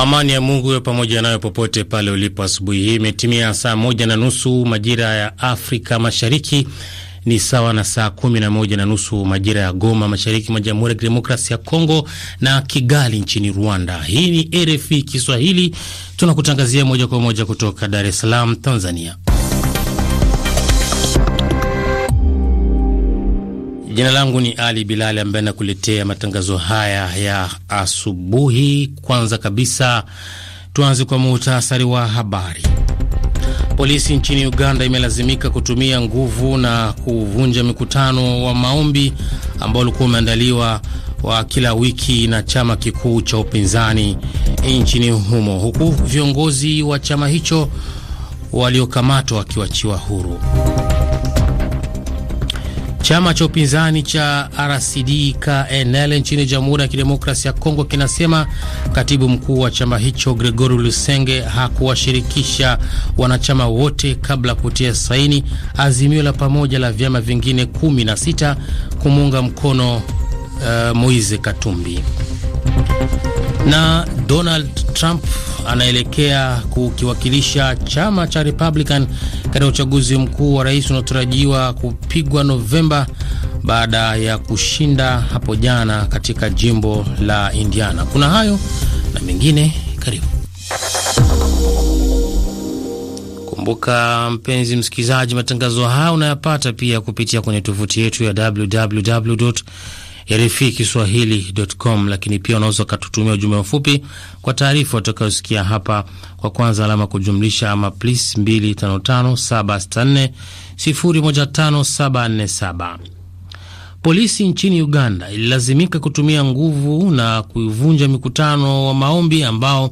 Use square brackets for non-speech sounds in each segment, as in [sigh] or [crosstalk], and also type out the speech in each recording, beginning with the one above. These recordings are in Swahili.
Amani ya Mungu iwe pamoja nayo popote pale ulipo. Asubuhi hii imetimia saa moja na nusu majira ya Afrika Mashariki, ni sawa na saa kumi na moja na nusu majira ya Goma, mashariki mwa Jamhuri ya Kidemokrasia ya Kongo na Kigali nchini Rwanda. Hii ni RFI Kiswahili, tunakutangazia moja kwa moja kutoka Dar es Salaam, Tanzania. Jina langu ni Ali Bilali ambaye nakuletea matangazo haya ya asubuhi. Kwanza kabisa, tuanze kwa muhtasari wa habari. Polisi nchini Uganda imelazimika kutumia nguvu na kuvunja mikutano wa maombi ambao ulikuwa umeandaliwa wa kila wiki na chama kikuu cha upinzani nchini humo, huku viongozi wa chama hicho waliokamatwa wakiwachiwa huru. Chama cha upinzani cha RCD KNL nchini Jamhuri ya Kidemokrasia ya Kongo kinasema katibu mkuu wa chama hicho Gregory Lusenge hakuwashirikisha wanachama wote kabla ya kutia saini azimio la pamoja la vyama vingine 16 kumuunga mkono uh, Moise Katumbi na Donald Trump anaelekea kukiwakilisha chama cha Republican katika uchaguzi mkuu wa rais unaotarajiwa kupigwa Novemba baada ya kushinda hapo jana katika jimbo la Indiana. Kuna hayo na mengine, karibu. Kumbuka mpenzi msikilizaji, matangazo haya unayapata pia kupitia kwenye tovuti yetu ya www ya RFI Kiswahili.com, lakini pia unaweza ukatutumia ujumbe mfupi kwa taarifa utakayosikia hapa kwa kwanza alama kujumlisha ama plis 255764015747. Polisi nchini Uganda ililazimika kutumia nguvu na kuivunja mikutano wa maombi ambao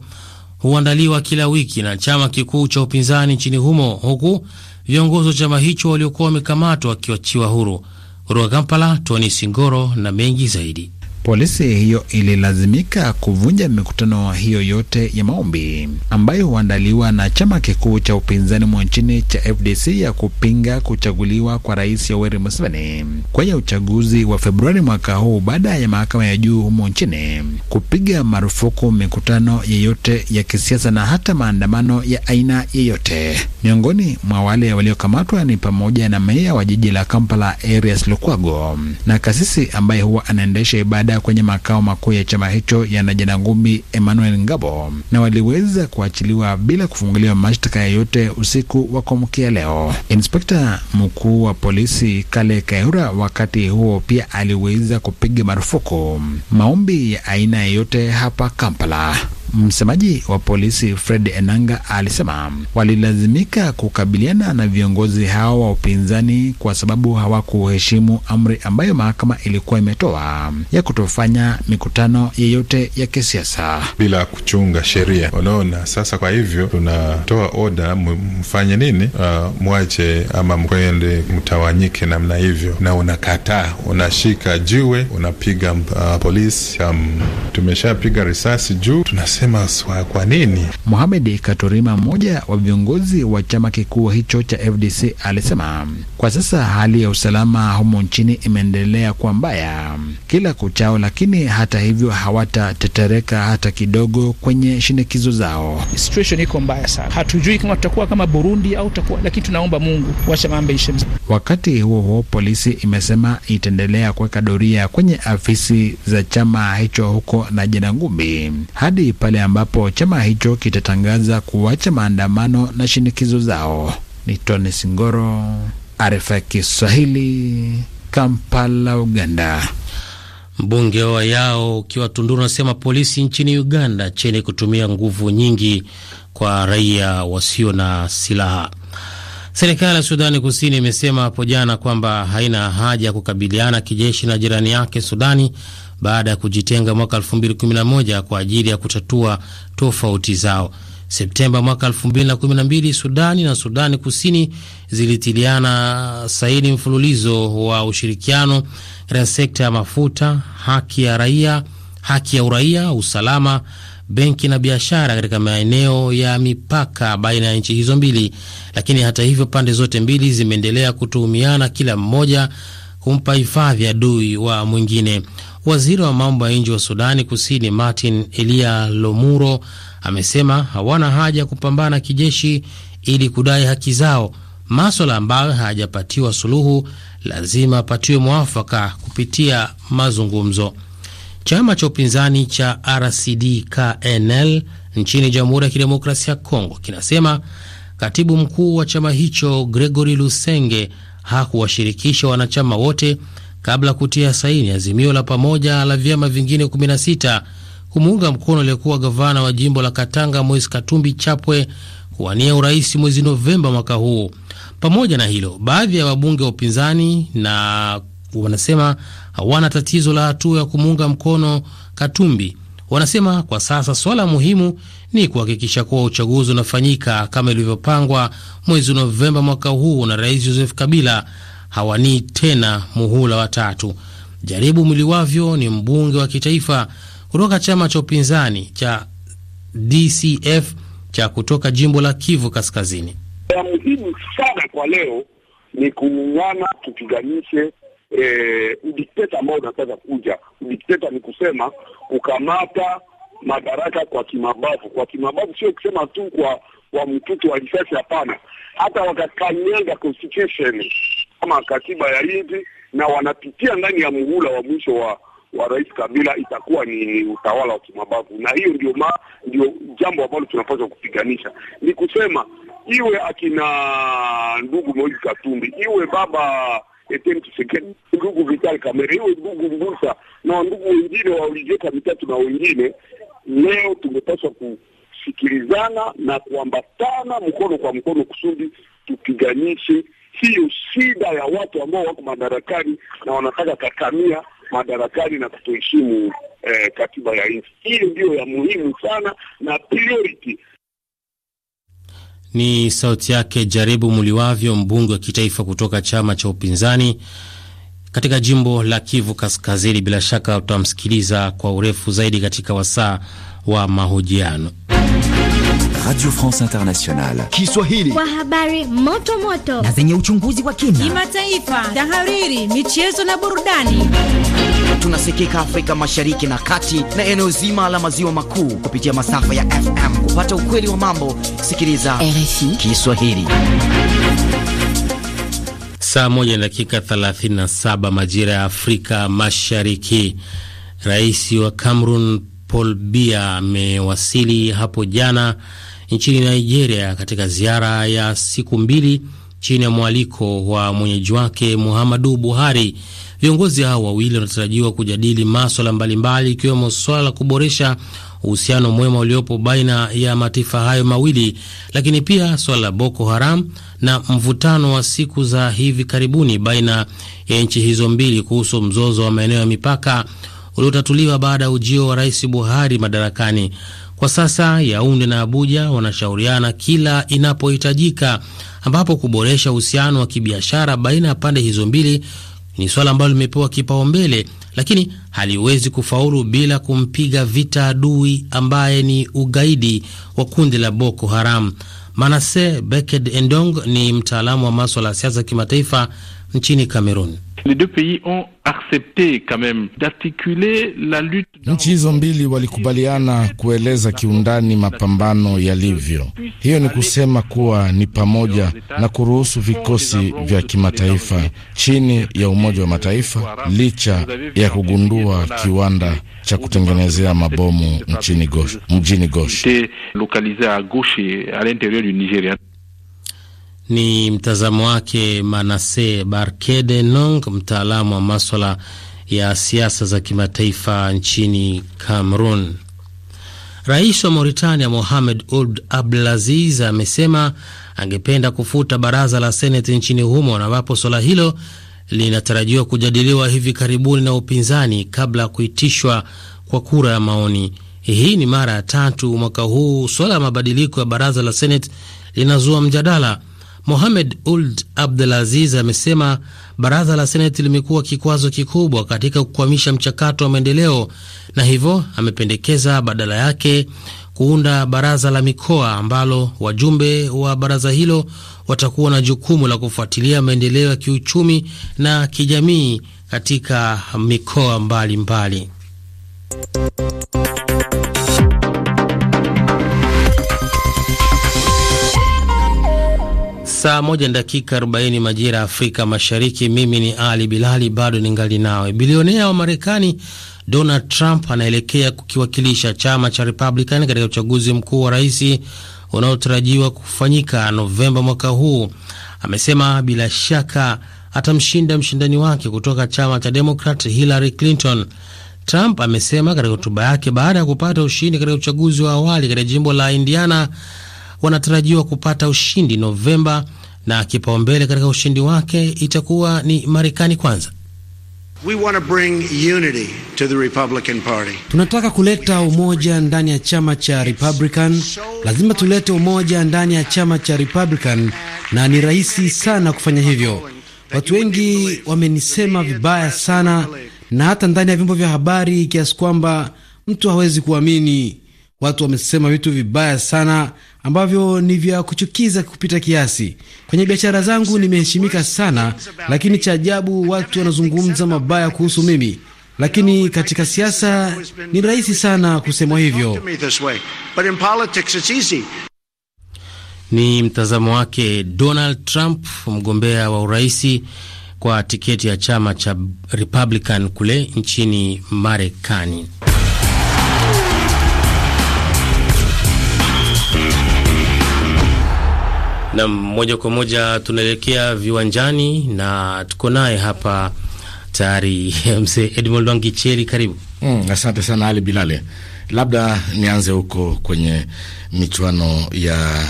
huandaliwa kila wiki na chama kikuu cha upinzani nchini humo, huku viongozi wa chama hicho waliokuwa wamekamatwa wakiachiwa huru. Kutoka Kampala, Tony Singoro na mengi zaidi. Polisi hiyo ililazimika kuvunja mikutano hiyo yote ya maombi ambayo huandaliwa na chama kikuu cha upinzani mwa nchini cha FDC ya kupinga kuchaguliwa kwa Rais Yoweri Museveni kwenye uchaguzi wa Februari mwaka huu baada ya mahakama ya juu humo nchini kupiga marufuku mikutano yeyote ya kisiasa na hata maandamano ya aina yeyote. Miongoni mwa wale waliokamatwa ni pamoja na meya wa jiji la Kampala Erias Lukwago na kasisi ambaye huwa anaendesha ibada yanayoendelea kwenye makao makuu ya chama hicho yana jina ngumi Emmanuel Ngabo na waliweza kuachiliwa bila kufunguliwa mashtaka yoyote usiku wa kuamkia leo. Inspekta mkuu wa polisi Kale Kaihura wakati huo pia aliweza kupiga marufuku maombi ya aina yeyote hapa Kampala. Msemaji wa polisi Fred Enanga alisema walilazimika kukabiliana na viongozi hao wa upinzani kwa sababu hawakuheshimu amri ambayo mahakama ilikuwa imetoa ya kutofanya mikutano yeyote ya kisiasa bila kuchunga sheria. Unaona, sasa kwa hivyo tunatoa oda, mfanye nini? Uh, mwache ama mkwende mtawanyike namna hivyo, na unakataa, unashika jiwe, unapiga uh, polisi. Um, tumeshapiga risasi juu tunasema wanasema kwa nini? Mohamed Katurima, mmoja wa viongozi wa chama kikuu hicho cha FDC, alisema kwa sasa hali ya usalama humo nchini imeendelea kuwa mbaya kila kuchao, lakini hata hivyo hawatatetereka hata kidogo kwenye shinikizo zao. Situation iko mbaya sana, hatujui kama tutakuwa kama Burundi au tutakuwa, lakini tunaomba Mungu wacha mambo ishe. Wakati huo huo, polisi imesema itaendelea kuweka doria kwenye afisi za chama hicho huko na jina ngumi hadi pale ambapo chama hicho kitatangaza kuacha maandamano na shinikizo zao. Ni Tony Singoro, RFI Kiswahili, Kampala, Uganda. Mbunge wa yao ukiwa Tunduru anasema polisi nchini Uganda cheni kutumia nguvu nyingi kwa raia wasio na silaha. Serikali ya Sudani Kusini imesema hapo jana kwamba haina haja ya kukabiliana kijeshi na jirani yake Sudani baada ya kujitenga mwaka 2011 kwa ajili ya kutatua tofauti zao. Septemba mwaka 2012 Sudani na Sudani Kusini zilitiliana saini mfululizo wa ushirikiano katika sekta ya mafuta, haki ya raia, haki ya uraia, usalama, benki na biashara katika maeneo ya mipaka baina ya nchi hizo mbili. Lakini hata hivyo, pande zote mbili zimeendelea kutuhumiana, kila mmoja kumpa hifadhi adui wa mwingine. Waziri wa mambo ya nje wa Sudani Kusini Martin Elia Lomuro amesema hawana haja ya kupambana kijeshi ili kudai haki zao. Maswala ambayo hayajapatiwa suluhu lazima apatiwe mwafaka kupitia mazungumzo. Chama cha upinzani cha RCD-KNL nchini Jamhuri ya Kidemokrasia ya Kongo kinasema katibu mkuu wa chama hicho Gregory Lusenge hakuwashirikisha wanachama wote kabla ya kutia saini azimio la pamoja la vyama vingine 16 kumuunga mkono aliyekuwa gavana wa jimbo la Katanga Moise Katumbi Chapwe kuwania urais mwezi Novemba mwaka huu. Pamoja na hilo, baadhi ya wabunge wa upinzani na wanasema hawana tatizo la hatua ya kumuunga mkono Katumbi. Wanasema kwa sasa swala muhimu ni kuhakikisha kuwa uchaguzi unafanyika kama ilivyopangwa mwezi Novemba mwaka huu na Rais Joseph Kabila hawanii tena muhula wa tatu. Jaribu Mliwavyo ni mbunge wa kitaifa kutoka chama cha upinzani cha DCF cha kutoka jimbo la Kivu Kaskazini. Ya muhimu sana kwa leo ni kuungana, tupiganishe e, udikteta ambao unataka kuja. Udikteta ni kusema kukamata madaraka kwa kimabavu. Kwa kimabavu sio kusema tu kwa, kwa mtutu wa risasi, hapana, hata wakakanyaga constitution kama katiba ya nchi na wanapitia ndani ya muhula wa mwisho wa wa Rais Kabila itakuwa ni utawala wa kimabavu, na hiyo ndio ma ndio jambo ambalo tunapaswa kupiganisha. Ni kusema iwe akina ndugu Moise Katumbi, iwe baba Etienne Tshisekedi, ndugu Vital Kamerhe, iwe ndugu Mbusa na ndugu wengine wa mitatu na wengine, leo tungepaswa kusikilizana na kuambatana mkono kwa mkono kusudi tupiganishe siyo shida ya watu ambao wako madarakani na wanataka kakamia madarakani na kutoheshimu eh, katiba ya nchi. Hiyo ndiyo ya muhimu sana na priority. Ni sauti yake Jaribu Muliwavyo, mbunge wa kitaifa kutoka chama cha upinzani katika jimbo la Kivu Kaskazini. Bila shaka utamsikiliza kwa urefu zaidi katika wasaa wa mahojiano. Radio France Internationale. Kiswahili. Kwa habari moto moto na zenye uchunguzi wa kina, kimataifa, tahariri, michezo na burudani. Tunasikika Afrika Mashariki na Kati na eneo zima la maziwa makuu kupitia masafa ya FM. Kupata ukweli wa mambo, sikiliza RFI Kiswahili. Saa moja na dakika 37 majira ya Afrika Mashariki. Rais wa Cameroon Paul Biya amewasili hapo jana nchini Nigeria katika ziara ya siku mbili chini ya mwaliko wa mwenyeji wake Muhammadu Buhari. Viongozi hao wawili wanatarajiwa kujadili maswala mbalimbali ikiwemo swala la kuboresha uhusiano mwema uliopo baina ya mataifa hayo mawili, lakini pia swala la Boko Haram na mvutano wa siku za hivi karibuni baina ya nchi hizo mbili kuhusu mzozo wa maeneo ya mipaka uliotatuliwa baada ya ujio wa Rais Buhari madarakani. Kwa sasa Yaunde na Abuja wanashauriana kila inapohitajika, ambapo kuboresha uhusiano wa kibiashara baina ya pande hizo mbili ni swala ambalo limepewa kipaumbele, lakini haliwezi kufaulu bila kumpiga vita adui ambaye ni ugaidi wa kundi la Boko Haram. Manase Beked Endong ni mtaalamu wa maswala ya siasa kimataifa nchini Cameroon. Nchi hizo mbili walikubaliana kueleza kiundani mapambano yalivyo. Hiyo ni kusema kuwa ni pamoja na kuruhusu vikosi vya kimataifa chini ya Umoja wa Mataifa, licha ya kugundua kiwanda cha kutengenezea mabomu nchini Gosh, mjini Gosh. Ni mtazamo wake Manase barkede nong mtaalamu wa maswala ya siasa za kimataifa nchini Cameroon. Rais wa Mauritania Mohamed Ould Abdelaziz amesema angependa kufuta baraza la seneti nchini humo, na ambapo suala hilo linatarajiwa kujadiliwa hivi karibuni na upinzani kabla ya kuitishwa kwa kura ya maoni. Hii ni mara ya tatu mwaka huu suala la mabadiliko ya baraza la seneti linazua mjadala Mohamed abdul aziz amesema baraza la seneti limekuwa kikwazo kikubwa katika kukwamisha mchakato wa maendeleo, na hivyo amependekeza badala yake kuunda baraza la mikoa ambalo wajumbe wa baraza hilo watakuwa na jukumu la kufuatilia maendeleo ya kiuchumi na kijamii katika mikoa mbalimbali mbali. Saa moja na dakika 40 majira ya Afrika Mashariki. Mimi ni Ali Bilali, bado ningali nawe. Bilionea wa Marekani Donald Trump anaelekea kukiwakilisha chama cha Republican katika uchaguzi mkuu wa rais unaotarajiwa kufanyika Novemba mwaka huu. Amesema bila shaka atamshinda mshindani wake kutoka chama cha Democrat Hillary Clinton. Trump amesema katika hotuba yake baada ya kupata ushindi katika uchaguzi wa awali katika jimbo la Indiana wanatarajiwa kupata ushindi Novemba, na kipaumbele katika ushindi wake itakuwa ni Marekani kwanza. We want to bring unity to the Republican Party. Tunataka kuleta umoja ndani ya chama cha Republican. Lazima tulete umoja ndani ya chama cha Republican na ni rahisi sana kufanya hivyo. Watu wengi wamenisema vibaya sana na hata ndani ya vyombo vya habari kiasi kwamba mtu hawezi kuamini. Watu wamesema vitu vibaya sana ambavyo ni vya kuchukiza kupita kiasi. Kwenye biashara zangu nimeheshimika sana, lakini cha ajabu watu wanazungumza mabaya kuhusu mimi, lakini katika siasa ni rahisi sana kusemwa hivyo. Ni mtazamo wake Donald Trump, mgombea wa uraisi kwa tiketi ya chama cha Republican kule nchini Marekani. Nam, moja kwa moja tunaelekea viwanjani na tuko naye hapa tayari [laughs] mzee Edmond Wangicheri, karibu. Mm, asante sana Ali Bilale, labda nianze huko kwenye michuano ya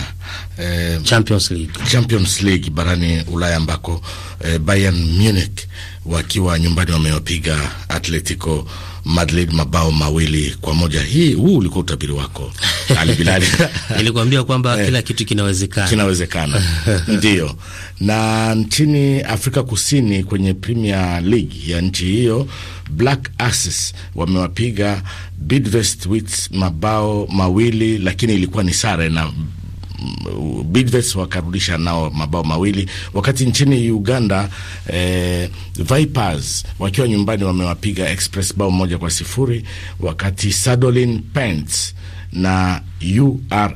eh, Champions League, Champions League barani Ulaya ambako eh, Bayern Munich wakiwa nyumbani wamewapiga Atletico Madrid mabao mawili kwa moja. Hii huu ulikuwa utabiri wako [laughs] Ali Bilali. Nilikwambia kwamba eh. kila kitu kinawezekana, kinawezekana [laughs] ndio. Na nchini Afrika Kusini kwenye Premier League ya nchi hiyo Black Aces wamewapiga Bidvest Wits mabao mawili, lakini ilikuwa ni sare na Mm, Bidvest wakarudisha nao mabao mawili, wakati nchini Uganda eh, Vipers wakiwa nyumbani wamewapiga Express bao moja kwa sifuri, wakati Sadolin Pants na URA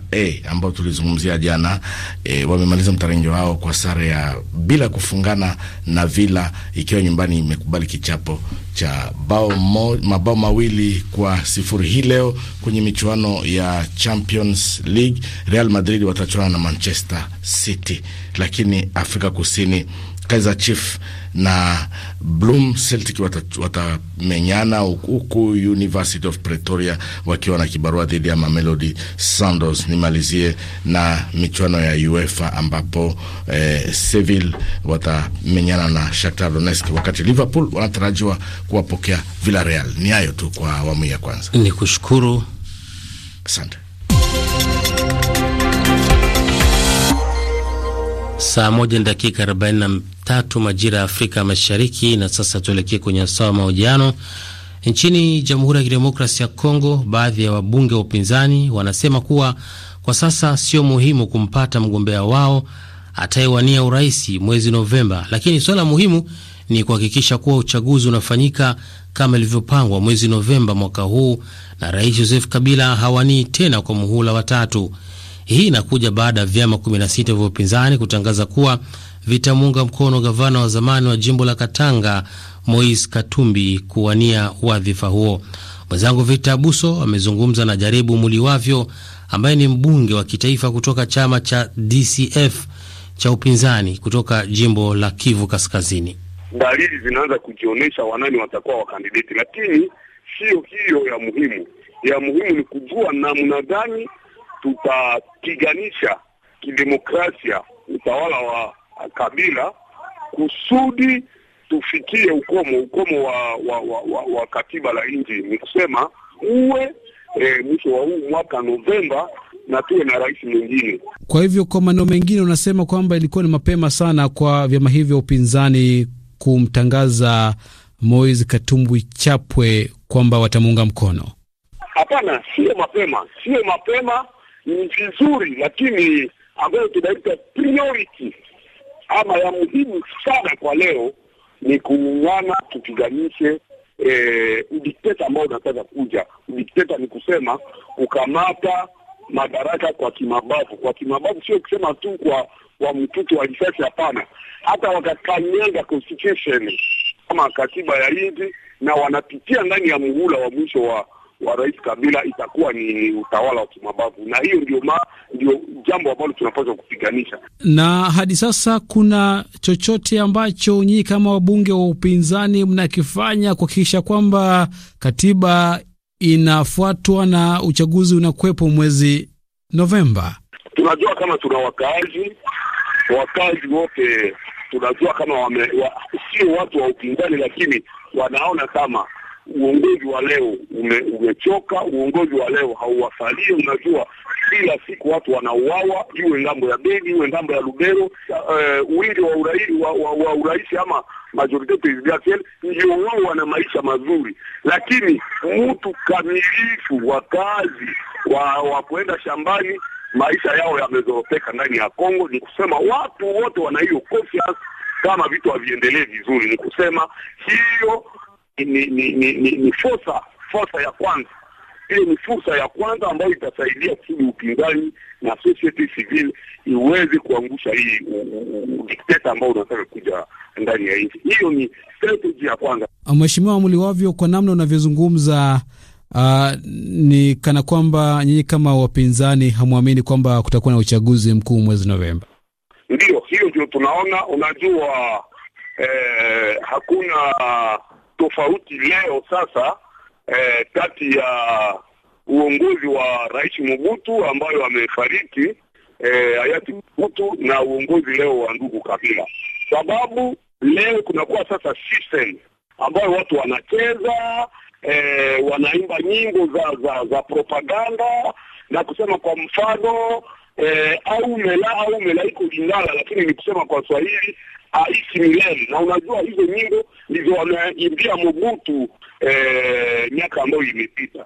ambao tulizungumzia jana e, wamemaliza mtarenjo wao kwa sare ya bila kufungana na vila ikiwa nyumbani imekubali kichapo cha bao mo, mabao mawili kwa sifuri. Hii leo kwenye michuano ya Champions League Real Madrid watachuana na Manchester City, lakini Afrika Kusini Kaiser Chief na Bloom Celtic watamenyana, huku University of Pretoria wakiwa na kibarua dhidi ya Mamelodi Sundowns. Nimalizie na michuano ya UEFA ambapo eh, Seville watamenyana na Shakhtar Donetsk, wakati Liverpool wanatarajiwa kuwapokea Villarreal. Ni hayo tu kwa awamu ya kwanza, ni kushukuru asante. Saa moja na dakika 43 majira ya Afrika Mashariki. Na sasa tuelekee kwenye wasaa wa mahojiano. Nchini Jamhuri ya Kidemokrasi ya Kongo, baadhi ya wabunge wa upinzani wanasema kuwa kwa sasa sio muhimu kumpata mgombea wao atayewania urais mwezi Novemba, lakini suala muhimu ni kuhakikisha kuwa uchaguzi unafanyika kama ilivyopangwa mwezi Novemba mwaka huu na Rais Joseph Kabila hawanii tena kwa muhula watatu. Hii inakuja baada ya vyama 16 vya upinzani kutangaza kuwa vitamuunga mkono gavana wa zamani wa jimbo la Katanga Moise Katumbi kuwania wadhifa huo. Mwenzangu Victor Abuso amezungumza na Jaribu Muliwavyo ambaye ni mbunge wa kitaifa kutoka chama cha DCF cha upinzani kutoka jimbo la Kivu Kaskazini. Dalili zinaanza kujionyesha wanani watakuwa wakandideti, lakini siyo hiyo ya muhimu. Ya muhimu ni kujua namna gani tutapiganisha kidemokrasia utawala wa Kabila kusudi tufikie ukomo ukomo wa wa, wa, wa, wa katiba la nchi, ni kusema uwe e, mwisho wa huu mwaka Novemba na tuwe na rais mwingine. Kwa hivyo, kwa maneno mengine, unasema kwamba ilikuwa ni mapema sana kwa vyama hivyo upinzani kumtangaza Moise Katumbi Chapwe kwamba watamuunga mkono. Hapana, sio mapema, sio mapema ni vizuri lakini ambayo tunaita priority ama ya muhimu sana kwa leo ni kuungana tupiganishe eh, udikteta ambao unataka kuja. Udikteta ni kusema kukamata madaraka kwa kimabavu. Kwa kimabavu sio kusema tu kwa kwa mtutu wa risasi, hapana, hata wakakanyaga constitution kama katiba ya nchi, na wanapitia ndani ya muhula wa mwisho wa wa Rais Kabila itakuwa ni utawala wa kimabavu, na hiyo ndio ma ndio jambo ambalo tunapaswa kupiganisha. Na hadi sasa kuna chochote ambacho nyinyi kama wabunge wa upinzani mnakifanya kuhakikisha kwamba katiba inafuatwa na uchaguzi unakuwepo mwezi Novemba? Tunajua kama tuna wakaaji wakazi wote tunajua kama wame wa, sio watu wa upinzani, lakini wanaona kama uongozi wa leo ume, umechoka. Uongozi wa leo hauwasalie. Unajua, kila siku watu wanauawa, iwe ngambo ya Beni, iwe ngambo ya Lubero. Uh, eh, wingi wa urahisi wa, wa, wa urahisi ama majorite ndio wao wana maisha mazuri, lakini mtu kamilifu wa kazi wa, wa kuenda shambani maisha yao yamezoroteka ndani ya Kongo. Ni kusema watu wote wana hiyo confiance kama vitu haviendelee vizuri, ni kusema hiyo ni ni, ni, ni, ni fursa fursa ya kwanza ile ni fursa ya kwanza ambayo itasaidia kusudi upinzani na society civil iweze kuangusha hii dikteta ambao unataka kuja ndani ya nchi. Hiyo ni strategy ya kwanza. Ah, Mheshimiwa Mliwavyo, kwa namna unavyozungumza, uh, ni kana kwamba nyinyi kama wapinzani hamwamini kwamba kutakuwa na uchaguzi mkuu mwezi Novemba. Ndiyo, hiyo ndio tunaona. Unajua eh, hakuna tofauti leo sasa eh, kati ya uongozi wa Rais Mobutu ambayo amefariki eh, hayati Mobutu na uongozi leo wa ndugu Kabila, sababu leo kunakuwa sasa system ambayo watu wanacheza eh, wanaimba nyimbo za, za, za propaganda na kusema kwa mfano eh, au mela au mela iko Lingala, lakini ni kusema kwa Swahili aisi milele. Na unajua hizo nyimbo ndizo wameimbia Mobutu eh, miaka ambayo imepita.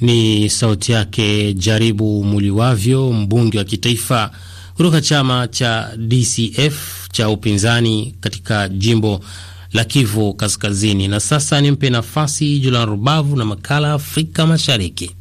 Ni sauti yake Jaribu Muliwavyo, mbunge wa kitaifa kutoka chama cha DCF cha upinzani katika jimbo la Kivu Kaskazini. Na sasa nimpe nafasi Julan Rubavu na makala Afrika Mashariki.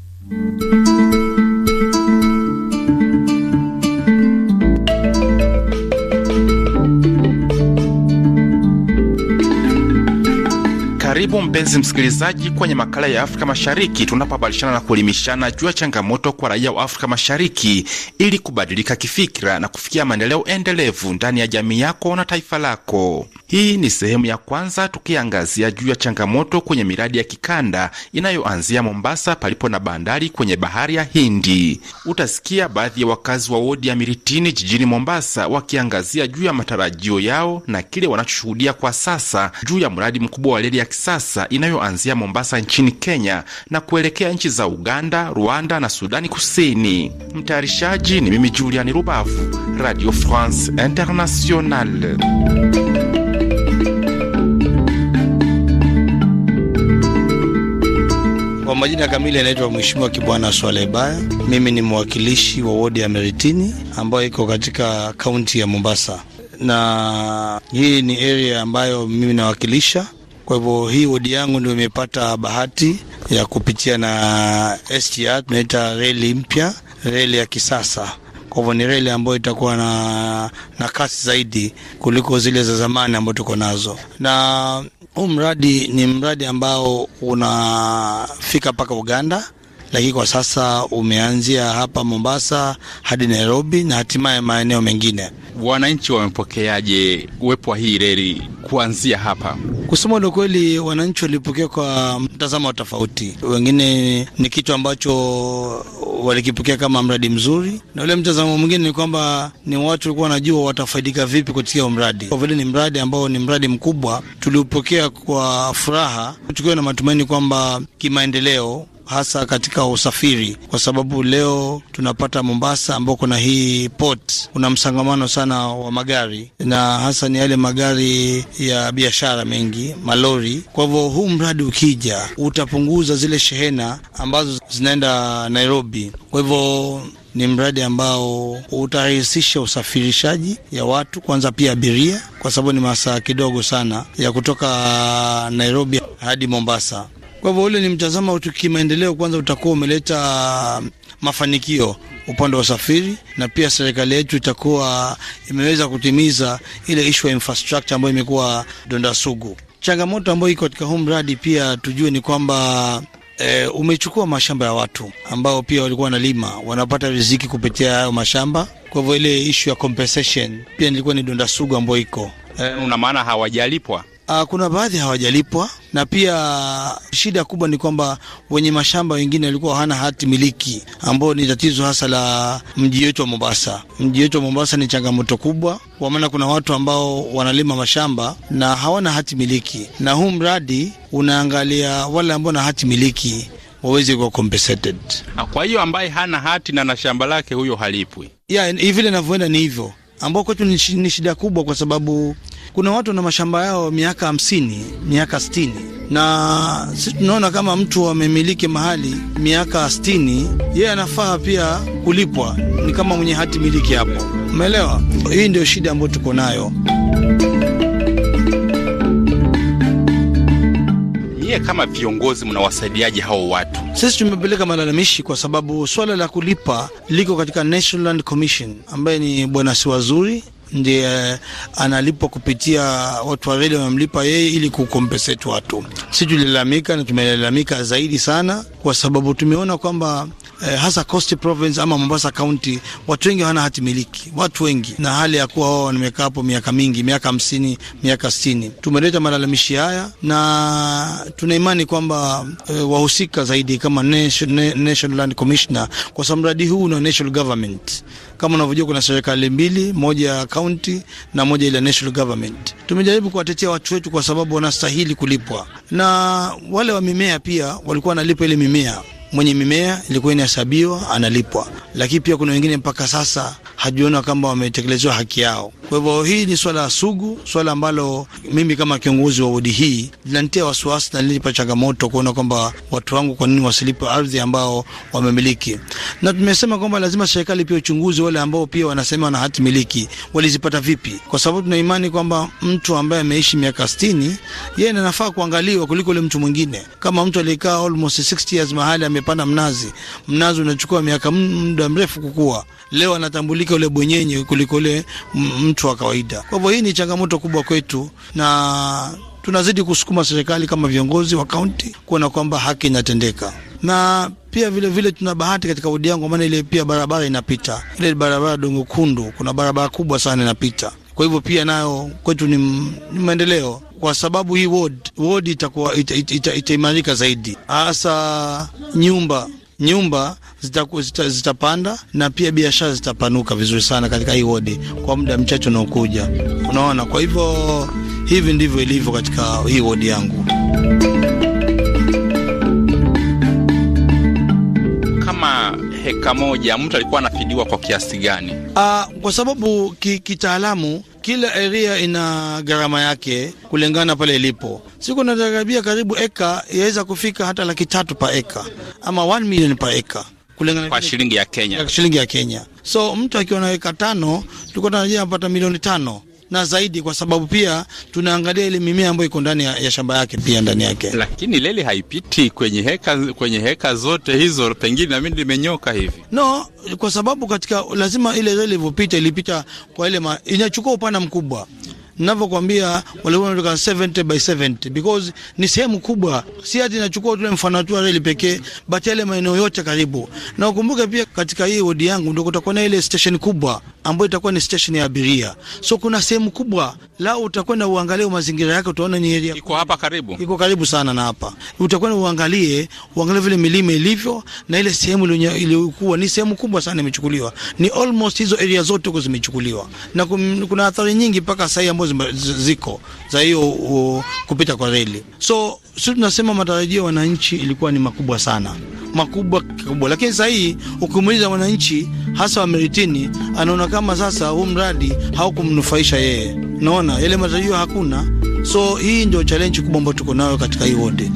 Karibu mpenzi msikilizaji kwenye makala ya Afrika Mashariki tunapobadilishana na kuelimishana juu ya changamoto kwa raia wa Afrika Mashariki ili kubadilika kifikira na kufikia maendeleo endelevu ndani ya jamii yako na taifa lako. Hii ni sehemu ya kwanza tukiangazia juu ya changamoto kwenye miradi ya kikanda inayoanzia Mombasa palipo na bandari kwenye bahari ya Hindi. Utasikia baadhi ya wakazi wa wodi ya Miritini jijini Mombasa wakiangazia juu ya matarajio yao na kile wanachoshuhudia kwa sasa juu ya mradi mkubwa wa reli ya sasa inayoanzia Mombasa nchini Kenya na kuelekea nchi za Uganda, Rwanda na Sudani Kusini. Mtayarishaji ni mimi Juliani Rubavu, Radio France Internationale. Kwa majina kamili yanaitwa Mheshimiwa Kibwana Baya. Mimi ni mwakilishi wa wodi ya Meritini ambayo iko katika kaunti ya Mombasa, na hii ni area ambayo mimi nawakilisha kwa hivyo hii wodi yangu ndio imepata bahati ya kupitia na SGR, tunaita reli mpya, reli ya kisasa. Kwa hivyo ni reli ambayo itakuwa na, na kasi zaidi kuliko zile za zamani ambazo tuko nazo, na huu mradi ni mradi ambao unafika mpaka Uganda lakini kwa sasa umeanzia hapa Mombasa hadi Nairobi na hatimaye maeneo mengine. Wananchi wamepokeaje uwepo wa hii reli kuanzia hapa? Kusema ule kweli, wananchi walipokea kwa mtazamo tofauti. Wengine ni kitu ambacho walikipokea kama mradi mzuri, na ule mtazamo mwingine ni kwamba ni watu walikuwa wanajua watafaidika vipi kupitia mradi. Kwa vile ni mradi ambao ni mradi mkubwa, tuliupokea kwa furaha, tukiwa na matumaini kwamba kimaendeleo hasa katika usafiri, kwa sababu leo tunapata Mombasa ambako na hii port kuna msangamano sana wa magari, na hasa ni yale magari ya biashara mengi, malori. Kwa hivyo huu mradi ukija, utapunguza zile shehena ambazo zinaenda Nairobi. Kwa hivyo ni mradi ambao utarahisisha usafirishaji ya watu kwanza, pia abiria, kwa sababu ni masaa kidogo sana ya kutoka Nairobi hadi Mombasa. Kwa hivyo ule ni mtazamo kimaendeleo kwanza utakuwa umeleta mafanikio upande wa usafiri, na pia serikali yetu itakuwa imeweza kutimiza ile ishu ya infrastructure ambayo imekuwa donda sugu. Changamoto ambayo iko katika huu mradi pia tujue ni kwamba E, umechukua mashamba ya watu ambao pia walikuwa wanalima, wanapata riziki kupitia hayo mashamba. Kwa hivyo ile ishu ya compensation pia nilikuwa ni donda sugu ambayo iko e, una maana hawajalipwa Uh, kuna baadhi hawajalipwa na pia shida kubwa ni kwamba wenye mashamba wengine walikuwa hawana hati miliki, ambao ni tatizo hasa la mji wetu wa Mombasa. Mji wetu wa Mombasa ni changamoto kubwa, kwa maana kuna watu ambao wanalima mashamba na hawana hati miliki, na huu mradi unaangalia wale ambao na hati miliki waweze kuwa compensated. Kwa hiyo ambaye hana hati na na shamba lake huyo halipwi. Yeah, vile ni hivyo ambao kwetu ni shida kubwa, kwa sababu kuna watu na mashamba yao miaka hamsini, miaka sitini, na sisi tunaona kama mtu amemiliki mahali miaka sitini, yeye anafaa pia kulipwa, ni kama mwenye hati miliki hapo. Umeelewa? Hii ndio shida ambayo tuko nayo. Kama viongozi mnawasaidiaje hao watu? Sisi tumepeleka malalamishi kwa sababu swala la kulipa liko katika National Land Commission ambaye ni Bwana Siwazuri ndiye eh, analipwa kupitia watu wawili wamemlipa yeye ili kukompensate watu. Si tulilalamika na tumelalamika zaidi sana, kwa sababu tumeona kwamba eh, hasa Coast Province ama Mombasa County watu wengi hawana hati miliki, watu wengi na hali ya kuwa wao wamekaa hapo miaka mingi, miaka hamsini, miaka sitini. Tumeleta malalamishi haya na tuna imani kwamba eh, wahusika zaidi kama National Land Commissioner, kwa sababu mradi huu una national government kama unavyojua kuna serikali mbili, moja ya kaunti na moja ile national government. Tumejaribu kuwatetea watu wetu kwa sababu wanastahili kulipwa, na wale wa mimea pia walikuwa wanalipa ile mimea mwenye mimea ilikuwa inahesabiwa analipwa, lakini pia kuna wengine mpaka sasa hajiona kama wametekelezewa haki yao. Kwa hivyo hii ni swala sugu, swala ambalo mimi kama kiongozi wa wodi hii linanitia wasiwasi na linipa changamoto kuona kwamba watu wangu kwa nini wasilipwe ardhi ambao wamemiliki. Na tumesema kwamba lazima serikali pia uchunguzi wale ambao pia wanasema wana hati miliki walizipata vipi, kwa sababu tuna imani kwamba mtu ambaye ameishi miaka 60 yeye anafaa kuangaliwa kuliko yule mtu mwingine. Kama mtu alikaa almost 60 years mahali ame amepanda mnazi, mnazi unachukua miaka muda mrefu kukua, leo anatambulika ule bwenyenye kuliko ule mtu wa kawaida. Kwa hivyo hii ni changamoto kubwa kwetu na tunazidi kusukuma serikali kama viongozi wa kaunti kuona kwamba haki inatendeka na pia vile vile tuna bahati katika wodi yangu, maana ile pia barabara inapita ile barabara Dongo Kundu, kuna barabara kubwa sana inapita. Kwa hivyo pia nayo kwetu ni, ni maendeleo kwa sababu hii ward ward itakuwa itaimarika ita, ita, ita zaidi, hasa nyumba nyumba zitapanda zita, zita na pia biashara zitapanuka vizuri sana katika hii wodi kwa muda mchache unaokuja, unaona. Kwa hivyo hivi ndivyo ilivyo katika hii wodi yangu. Kama heka moja mtu alikuwa anafidiwa kwa kiasi gani? Aa, ah, kwa sababu kitaalamu kila eria ina gharama yake kulingana pale ilipo. Siku natarabia karibu eka yaweza kufika hata laki tatu pa eka ama one million pa eka kulingana kwa shilingi ya Kenya, shilingi ya Kenya. So mtu akiwa na eka tano tulikuwa tunajia apata milioni tano na zaidi, kwa sababu pia tunaangalia ile mimea ambayo iko ndani ya, ya shamba yake pia ndani yake. Lakini leli haipiti kwenye heka, kwenye heka zote hizo, pengine na mimi nimenyoka hivi no, kwa sababu katika lazima ile leli ilivyopita ilipita kwa ile inachukua upana mkubwa ninavyokuambia walikuwa kutoka 70 by 70 because ni sehemu kubwa, si ati nachukua tu mfano tu reli pekee, but yale maeneo yote karibu. Na ukumbuke pia katika hii wodi yangu ndio kutakuwa na ile station kubwa ambayo itakuwa ni station ya abiria, so kuna sehemu kubwa la utakwenda uangalie mazingira yake, utaona ni area iko hapa karibu, iko karibu sana na hapa. Utakwenda uangalie uangalie vile milima ilivyo na ile sehemu iliyokuwa ni sehemu kubwa sana imechukuliwa, ni almost hizo area zote huko zimechukuliwa, na kum, kuna athari nyingi mpaka sasa ambazo ziko za hiyo kupita kwa reli. So sisi tunasema matarajio ya wananchi ilikuwa ni makubwa sana, makubwa kubwa, lakini sasa hii ukimuuliza wananchi hasa wa Meritini, anaona kama sasa huu mradi haukumnufaisha yeye, naona yale matarajio hakuna. So hii ndio challenge kubwa ambayo tuko nayo katika hii wote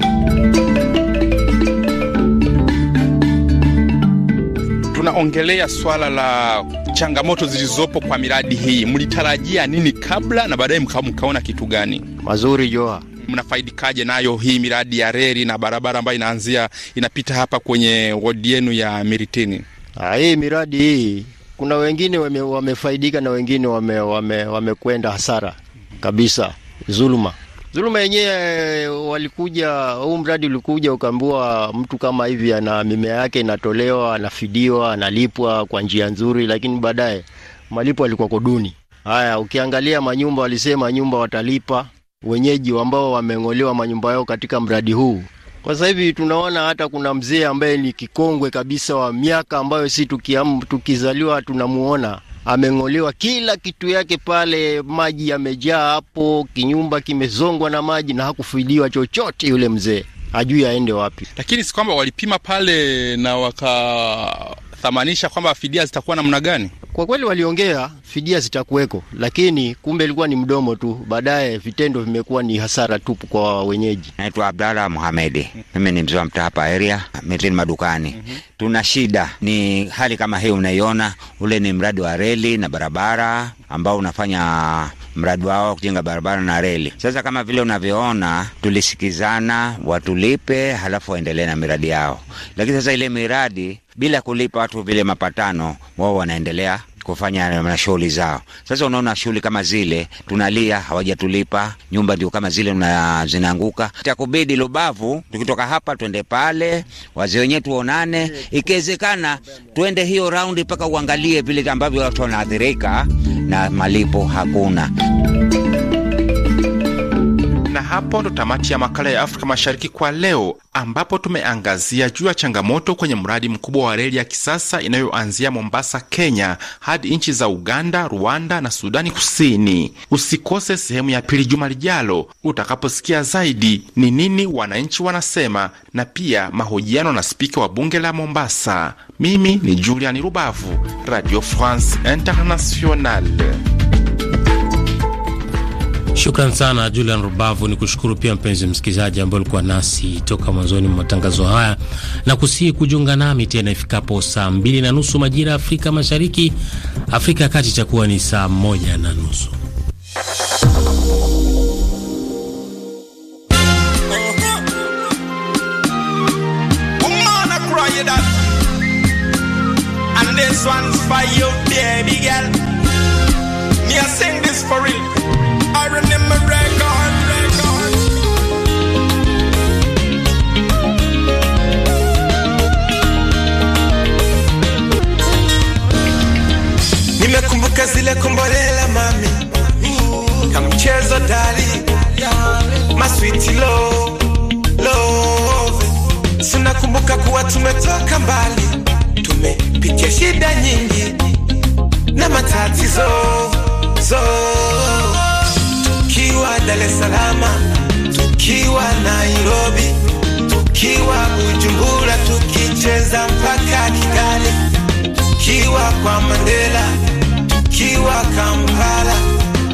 tunaongelea swala la changamoto zilizopo kwa miradi hii, mlitarajia nini kabla na baadaye mkaona kitu gani mazuri? Joa, mnafaidikaje nayo hii miradi ya reli na barabara ambayo inaanzia inapita hapa kwenye wodi yenu ya Miritini? Ha, ah, hii miradi hii kuna wengine wame, wamefaidika na wengine wamekwenda wame, wame hasara kabisa, zuluma Dhuluma yenyewe walikuja, huu mradi ulikuja ukaambiwa mtu kama hivi ana mimea yake inatolewa, anafidiwa, analipwa kwa njia nzuri, lakini baadaye malipo yalikuwa duni. Haya, ukiangalia manyumba, walisema nyumba watalipa wenyeji ambao wameng'olewa manyumba yao katika mradi huu. Kwa sasa hivi tunaona hata kuna mzee ambaye ni kikongwe kabisa wa miaka ambayo si tukizaliwa tunamuona ameng'olewa kila kitu yake pale, maji yamejaa hapo, kinyumba kimezongwa na maji na hakufidiwa chochote. Yule mzee ajui aende wapi. Lakini si kwamba walipima pale na waka thamanisha kwamba fidia zitakuwa namna gani? Kwa kweli waliongea fidia zitakuweko, lakini kumbe ilikuwa ni mdomo tu, baadaye vitendo vimekuwa ni hasara tupu kwa wenyeji. Naitwa Abdala Muhamedi, mimi ni mzee wa mtaa hapa area mitini madukani. mm -hmm. Tuna shida ni hali kama hii unaiona, ule ni mradi wa reli na barabara ambao unafanya mradi wao kujenga barabara na reli. Sasa kama vile unavyoona, tulisikizana watulipe, halafu waendelee na miradi yao, lakini sasa ile miradi bila kulipa watu vile mapatano, wao wanaendelea kufanya na shughuli zao. Sasa unaona shughuli kama zile tunalia, hawajatulipa nyumba, ndio kama zile zinaanguka. Itakubidi Lubavu tukitoka hapa twende pale, wazee wenyewe tuonane, ikiwezekana twende hiyo raundi mpaka uangalie vile ambavyo watu wanaathirika na malipo hakuna hapo ndo tamati ya makala ya Afrika Mashariki kwa leo, ambapo tumeangazia juu ya changamoto kwenye mradi mkubwa wa reli ya kisasa inayoanzia Mombasa, Kenya hadi nchi za Uganda, Rwanda na Sudani Kusini. Usikose sehemu ya pili juma lijalo, utakaposikia zaidi ni nini wananchi wanasema na pia mahojiano na spika wa bunge la Mombasa. Mimi ni Julian Rubavu, Radio France Internationale. Shukran sana Julian Rubavu, ni kushukuru pia mpenzi msikilizaji ambaye ulikuwa nasi toka mwanzoni mwa matangazo haya, na kusihi kujiunga nami tena ifikapo saa mbili na nusu majira ya Afrika Mashariki. Afrika ya Kati itakuwa ni saa moja na nusu. for real. Kumbuka zile kombolela mami, mchezo dali maswiti lo love, kumbuka kuwa tumetoka mbali, tumepitia shida nyingi na matatizo zo, tukiwa Dar es Salaam, tukiwa Nairobi, tukiwa Bujumbura, tukicheza mpaka Kigali, tukiwa kwa Mandela tukiwa Kampala,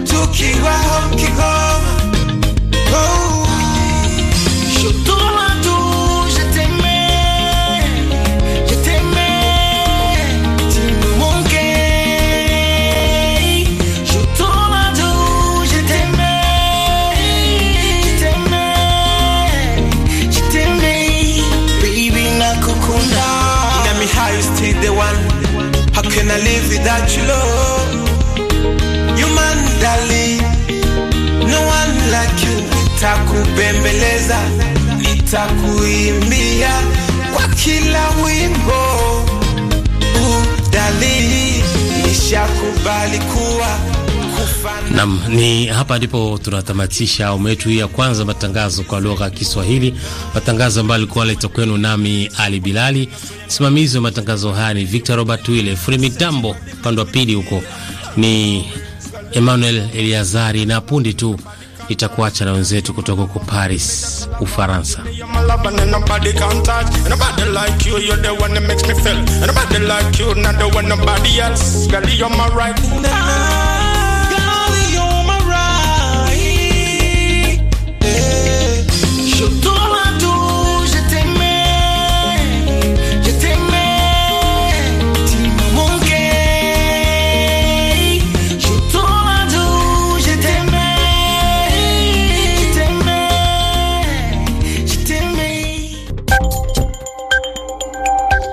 tukiwa home Kigoma. Oh. je t'aimais, je t'aimais, tu me manquais. je t'aimais, je t'aimais, je t'aimais. Baby you still the one. How can I live without you, love? nitakubembeleza, nitakuimbia kwa kila wimbo udalili, nishakubali kuwa Nam, ni hapa ndipo tunatamatisha awamu yetu hii ya kwanza matangazo kwa lugha ya Kiswahili, matangazo ambayo alikuwa leta kwenu nami Ali Bilali. Msimamizi wa matangazo haya ni Victor Robert Wille, furi mitambo upande wa pili huko ni Emmanuel Eliazari, na pundi tu itakuacha na wenzetu kutoka huko Paris, Ufaransa.